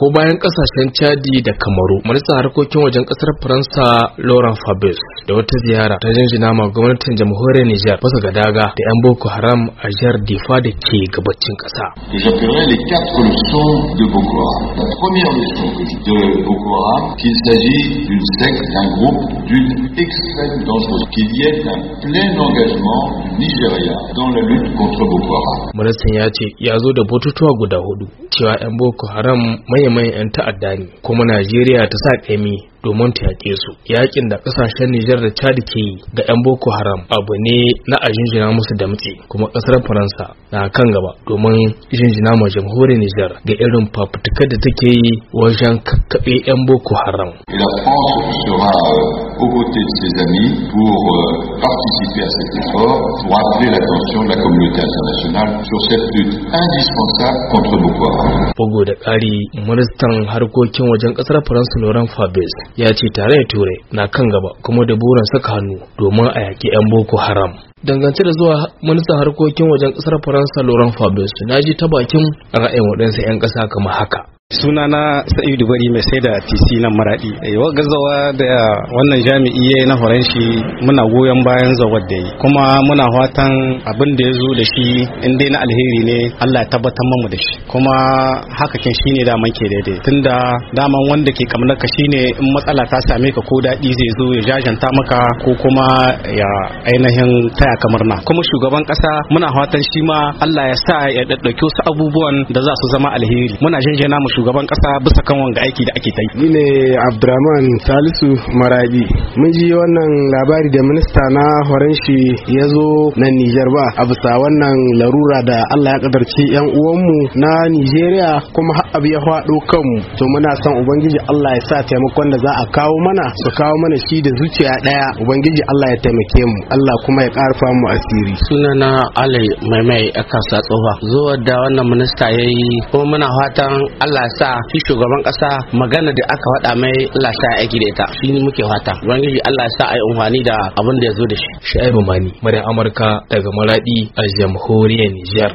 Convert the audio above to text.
ko bayan kasashen chadi da kamaru ministan harkokin wajen kasar faransa laurent fabius da wata ziyara ta jinjina ma gwamnatin jamhuriyar niger basa ga daga da yan boko haram a jihar difa da ke gabacin kasa de de Boko Boko Haram Haram première qu'il s'agit d'une secte, d'un groupe, d'une extrême dangereuse, qu'il y ait un plein engagement Nigeria dans la lutte contre Boko Haram. Murasin ya ce ya zo da batutuwa guda hudu cewa 'yan Boko Haram manya-manya 'yan ta'adda ne kuma Najeriya ta sa ƙaimi domin ta yaƙe su yaƙin da ƙasashen Nijar da Chad ke yi ga 'yan Boko Haram abu ne na a jinjina musu da mutse kuma ƙasar Faransa na kan gaba domin jinjina ma jamhuriyar Nijar ga irin fafutukar da take yi wajen kakkaɓe 'yan Boko Haram. La France sera aux côtés de ses amis pour euh, participer à cet effort, pour appeler l'attention de la communauté internationale sur cette lutte indispensable contre Boko Haram. da ƙari, ministan harkokin wajen ƙasar Faransa Laurent Fabius ya ce tare da Turai na kan gaba kuma da burin saka hannu domin a yaƙi 'yan Boko Haram. dangance da zuwa ministan harkokin wajen kasar faransa laurent fabius na ji ta bakin ra'ayin waɗansu 'yan ƙasa kamar haka sunana sa'idu bari mai sai da tc nan maradi eh, wa gazawa da wannan jami'i yayi na horon shi muna goyon bayan zawar da yi kuma muna fatan abin da ya zo da shi in dai na alheri ne Allah ya tabbatar mamu da shi kuma haka kin ne daman ke daidai tunda daman wanda ke kamar ka ne in matsala ta same ka ko daɗi zai zo ya jajanta maka ko kuma ya ainihin taya kamar na kuma shugaban ƙasa muna fatan shi ma Allah ya sa ya ɗaɗɗauki wasu abubuwan da za su zama alheri muna jinjina mu shugaban kasa bisa kan wanga aiki da ake ta ni ne abdurrahman salisu marabi mun ji wannan labari da minista na horon ya zo nan nijar ba a bisa wannan larura da allah ya kadarci yan uwanmu na Nijeriya kuma abu ya faɗo kanmu to muna son ubangiji allah ya sa taimakon da za a kawo mana su kawo mana shi da zuciya ɗaya ubangiji allah ya taimake mu allah kuma ya ƙarfa mu asiri sunana Ali maimai akasa tsofa zuwa da wannan minista ya yi kuma muna fatan allah sa shi shugaban kasa magana da aka faɗa mai Allah sa ya aiki da ita shi ne muke fata ubangiji Allah ya sa ai unhwani da abin da ya zo da shi ai Mani muryar Amurka daga Maradi a jamhuriyar Nijar